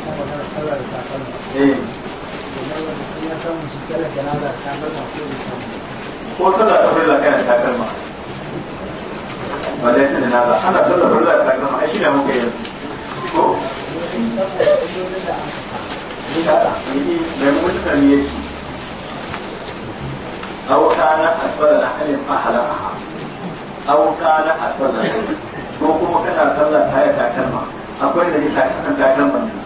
ko sallar da farilla kana takalma ba da yadda ana sallar farilla da takalma ai shine muka yanzu ko da mutane yake أو كان أسفل نحل أحلها أو كان أسفل ko kuma kana sallah ta ya takalma akwai da ta kasance takalman nan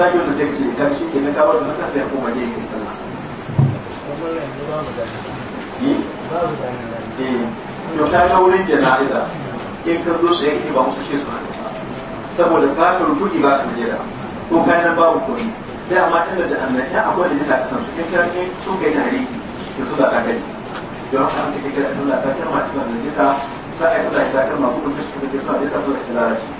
ta yi wata sai ke ta shi ke na kawo su na kasa ya koma sallah eh? Eh, to ta ga wurin jana'iza in ka zo tsaye ba musu ce su saboda ka karbu ba ka sajada ko kayan nan babu komai da a tana da annabi akwai da nisa kasan su in ka ne su kai tare ki su da ka gani don haka sai ka ga sallah ta kalma cikin nisa sai ai sallah ta kalma kuma kashi da ke suna nisa su da lalace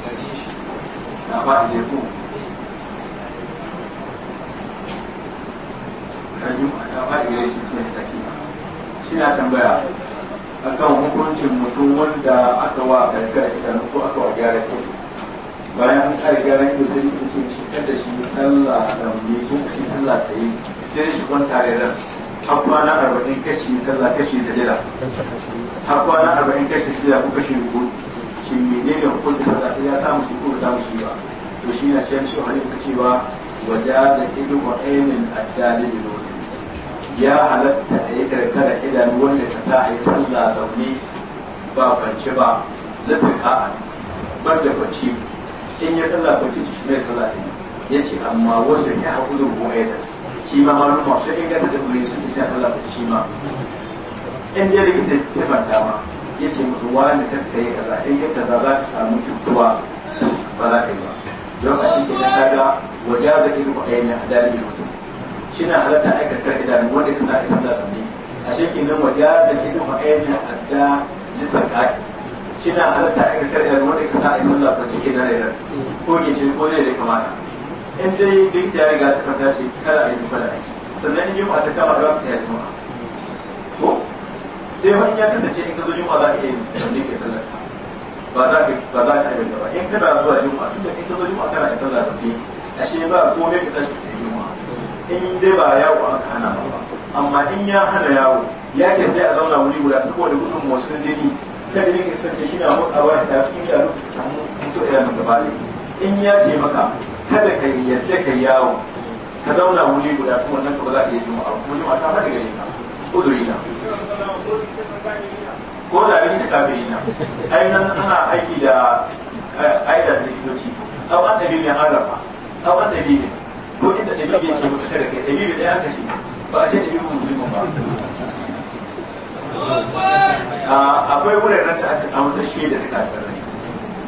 fa'ideku kan yi mata fa'idai yi suna saki shi na tambaya akan hukuncin mutum wanda aka wa karkar idanu ko aka wa gyara ido bayan an kare gyara ido sai mutum ce shi da shi sallah da mu ko shi sallah sai sai shi kwanta da ran har na arba'in kashi sallah kashi sajada har na arba'in kashi sajada ko kashi rubutu shi menene hukuncin sallah ya samu shi ko samu shi ba to shi na can shi wani ta cewa wajen da ilu wa ainin addali da dosi ya halatta da ya karkara idanu wanda ta sa a yi sallah zaune ba kwanci ba da sirka'a bar da kwanci in ya sallah kwanci shi mai sallah ne ya ce amma wanda ya haƙu da ruwan aidas shi ma malum masu inganta da kuri sun isa sallah kwanci shi ma in ya rikin da sifar dama ya ce mutu ta kakka ya kaza in ya kaza za ka samu cutuwa ba za ka yi ba don a shi kenan kaga wajaza a ayyana musu shi shina halatta aikata idanu wanda ka sa'a isa da zamne a shi kenan wajaza ilmu a da lisan kaki shina halatta aikata idanu wanda ka sa'a isa da kwace kenan da ko ke ce ko zai da kamata in dai duk da riga suka tashi kala ayi kala ayi sannan in juma'a ta kama da ta yi juma'a ko sai wani ya kasance in ka zo juma'a za a iya yin sallar ba za ka ba za ka ba in kana zuwa juma'a tun da in ka zo juma'a kana isar da sabi ashe ba komai ka tashi ka juma'a in dai ba yawo aka hana ba amma in ya hana yawo ya ke sai a zauna wuri guda saboda gudun motsin jini kada ne ka sace shi na mutsa ba tafi cikin ka samu mutu da nan gaba in ya ce maka kada ka yadda ka yawo ka zauna wuri guda kuma nan ka ba za ka yi juma'a kuma juma'a ta fara gare ka udurina ko da ta kafin shi na ai nan ana aiki da eh, da likitoci au an dalilin arafa au an dalilin ko inda dalilin yake mutu kada kai dalilin ɗaya aka ce ba a ce dalilin musulmi ba akwai wuraren ranta a amsa shi da kafirai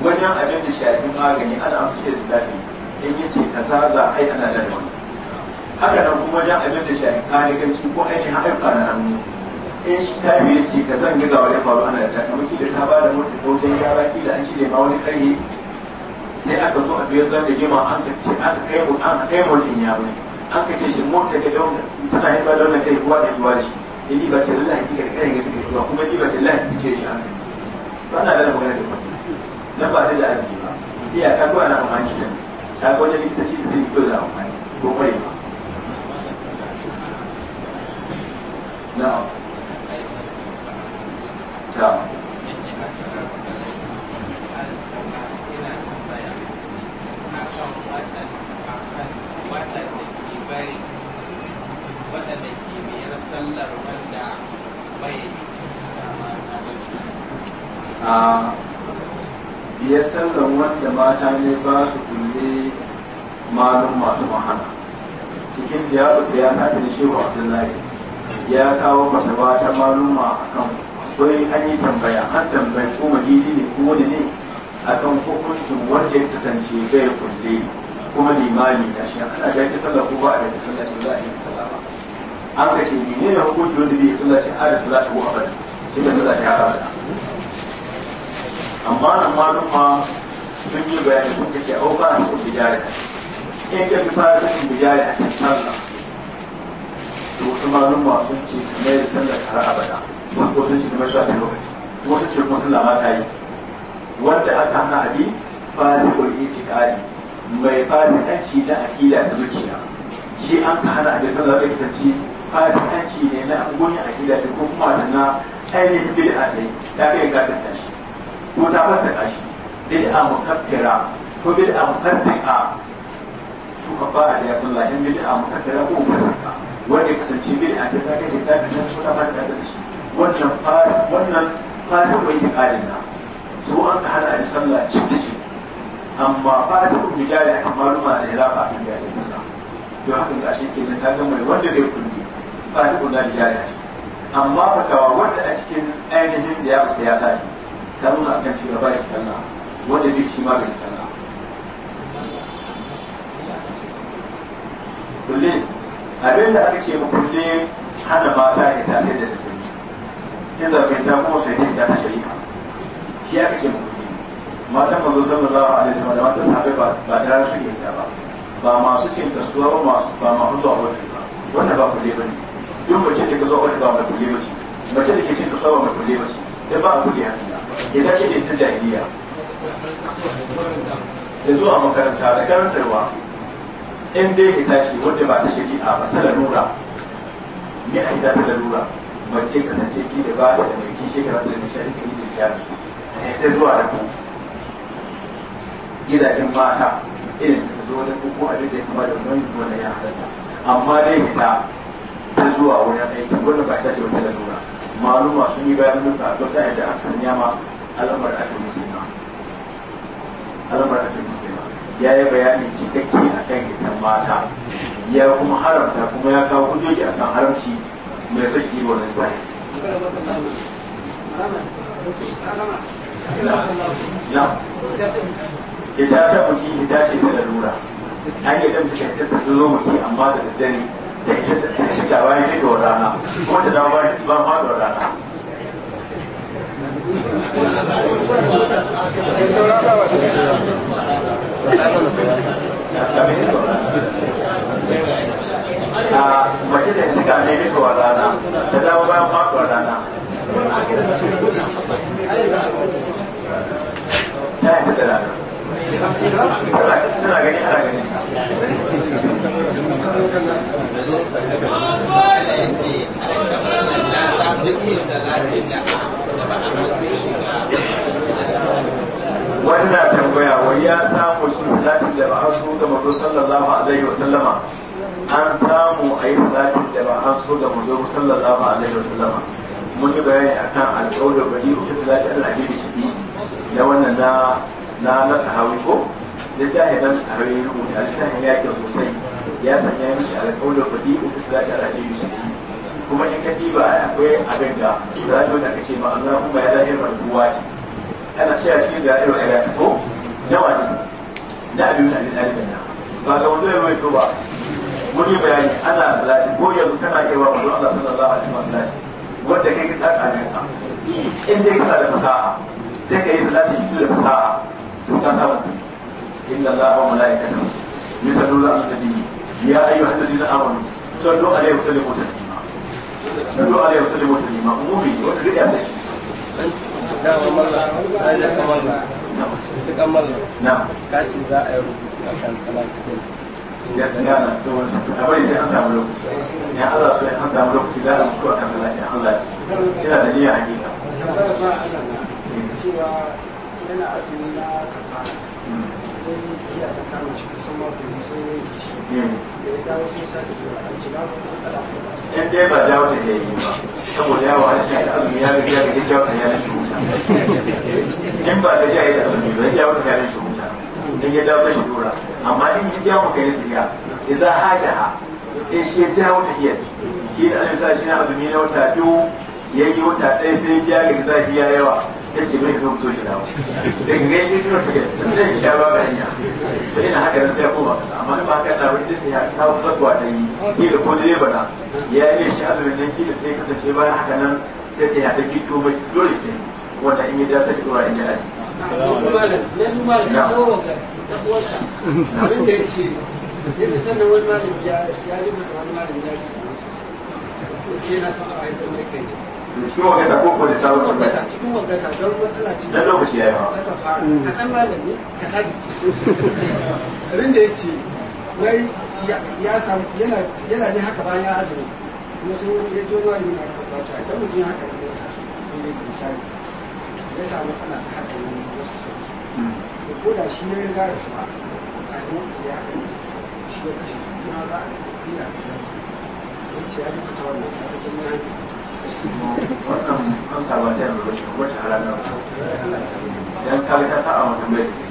wajen abin da shafin magani ana amsa shi da kafirai in yace kaza za a yi ana da wani haka nan kuma wajen abin da shafin kanikanci ko ainihin ayyuka na hannu in shi ta ce ka zan ga wani faru ana da kamar kila ta ba da mutu ko ya yara kila an cire ba wani kai sai aka zo a biyar zan da gima an ka ce an kai mu an kai mu din ya bai an ka ce shi mota ga don tana yin ba don kai kuwa da kuwa shi in ni ba ce Allah hakika kai ga kike kuwa kuma ni ba ce Allah kike shi an ba na da magana da na ba sai da abin ba iya ka kuwa na amfani sai ta ko da likitoci sai ko da amfani ko kai ba na'am sallar wanda bai a biyar wanda mata ne ba su kulle malum masu mahana cikin tiyarusa ya sake da shehu abdullahi ya kawo fataba ta maluma a kan wai an yi tambaya an tambayi ko majiji ne ko wani ne a kan hukuncin wanda ya kasance bai kulle kuma limani ta shi ana da ya ta sallar ko ba a da an ka ce menene hukunci wanda bai sallah ce ada salatu ko abada shi da sallah ce abada amma nan ma sun yi bayani sun kace au ba su bijare in ka fara sun bijare a kan sallah to wasu ma sun ce kamar da sallah kara abada wasu sun ce kamar shi a lokaci wasu ce kuma sun lama ta yi wanda aka hana a bi abi fasikul itiqadi mai fasikanci na aqida da zuciya shi an ka hana abi sallah da kasance fasikanci ne na goyin a gida da ko kuma da na ainihin bid'a ne ta kai gadar da shi ko ta fasaka shi bid'a mukaffira ko bid'a mufassika shuka ba a da sallashin bid'a mukaffira ko mufassika wanda ya kasance bid'a ta ta kai ta kai ko ta fasaka da shi wannan wannan yi itikadin na su an ka hana da sallah cikin cin Amma cin amma fasikun bijari akan maluma da ya rafa a kan gashi sallah don haka gashi kenan ta gama wanda bai kunu. fasiqun la bijariya amma fatawa wanda a cikin ainihin da ya siyasa ce ta nuna kan cewa ba shi sallah wanda bai shi ma bai sallah kulle abin da aka ce ma kulle hana mata ya ta sai da ta kulle in zafin ta kuma sai ta ta shari'a shi aka ce ma kulle matan mazo sallallahu alaihi wa sallam ta sahabe ba ba ta su ke ta ba ba masu cin kasuwa ba masu ba masu zuwa wasu ba wanda ba kulle bane duk mace da ka zo wani ba mai kulle mace mace da ke cin ta mai kulle mace da ba a kulle ya ta ce ta jahiliya zo a makaranta da karantarwa in dai ya ce wanda ba ta shari'a ba ta lalura ne a yi ta lalura mace kasance ki da ba da mai ci shekara ta da shari'a yi da shari'a ta zuwa da ku gidajen mata irin ta zo da ku ko abin da ya kama da wani wanda ya halatta amma dai ita sai zuwa wurin aiki wannan ba ta ce wata lalura maluma sun yi bayan nuka to ta yadda aka sanya ma al'amar ake musulma al'amar ake musulma ya yi bayanin cikakke a kan hitan mata ya kuma haramta kuma ya kawo hujjoji a kan haramci mai wa nan bayan ya ta ta ita ce ta lalura an yi ɗan cikin ta zo mutu amma da daddare shi ta bayan shi ta rana kuma ta zama bayan ban faɗo rana a mace da ta gane ta rana ta zama bayan faɗo rana ta yi ta rana wannan tambaya wai ya samu shi salatin da ba a so ga mazo sallallahu alaihi wa sallama an samu a yi salatin da ba a so ga mazo sallallahu alaihi wa sallama mun yi bayani akan alƙawar da bari ko salatin alhaji da shi na wannan na na na sahawi ko da jahilan sahawi ya rubuta a cikin yaƙi sosai ya san sanya mishi alƙawlin kuɗi uku su dace a aliyu shi kuma in ka diba akwai abin da za a da kace ma Allah kuma ya zahir marduwa ce ana cewa shi da ya irin ayata ko nawa ne na abin da Allah na. ba ga wanda ya rawaito ba mun yi bayani ana salati ko yanzu kana iya wa mutum Allah sallallahu alaihi wasallam wanda kai ka tsaka ne ka in dai ka da fasaha sai ka yi salati da fasaha كسبت إن الله وملائكته يصلون على النبي يا أيها الذين آمنوا صلوا عليه وسلموا تسليما صلوا عليه وسلموا تسليما أمومي وتريد أن تكملنا نعم كاتب ذا أيوه عشان صلاة ya tsangana da wani a bari sai an samu lokaci ya Allah so an samu lokaci za a mutu a kan salati Allah ina da niyya hakika yana azumi na kafara sai iya ta kama shi kusan mako ne sai ya yi shi da ya dawo sai sake zuwa a jira ko kada yan dai ba jawo da ya yi ba saboda yawa a cikin azumi ya riga da ya jawo da ya shi wuta in ba da jayi da azumi ba ya wata da ya shi wuta in ya dawo sai shi dora amma in ya jawo ka yi tafiya idan hajaha in shi ya jawo tafiyar shi da azumi sa shi na azumi na wata biyu ya yi wata ɗaya sai ya jawo da zafi ya yawa sai ce bai kuma so shi dawo sai ka gaji kuma ka gaji sai sha ba to haka nan sai koma amma ba ka da wani sai ya kawo fatwa da yi ni da ko direba bana. ya yi shi azumin nan kila sai kasance ba haka nan sai ta yada gito mai dole ta wanda in yi da ta dora in ya aji abin da ya ce yadda sannan wani malam ya rubuta wani malam ya ce na son a haifar mai kai da cikin wagata ko ko da sabon wagata cikin wagata don matsala ce dan lokaci yayi ma ka fara mm. ka san malami ka kadi abin da yace wai ya samu yana yana ne haka bayan ya azumi kuma sai wani ya ruwa ne na kafa ta dan mutum ya haka ne ne misali ya samu ana ta haka ne wasu sun mm. ko da shi ya riga da su ba a yi wanda ya haka ne shi ya kashe su kuma za a iya ya ce ya ji fata wannan ta ta gani wannan an samu ta yanzu wata halar nan idan ka ka sa'a mutum bai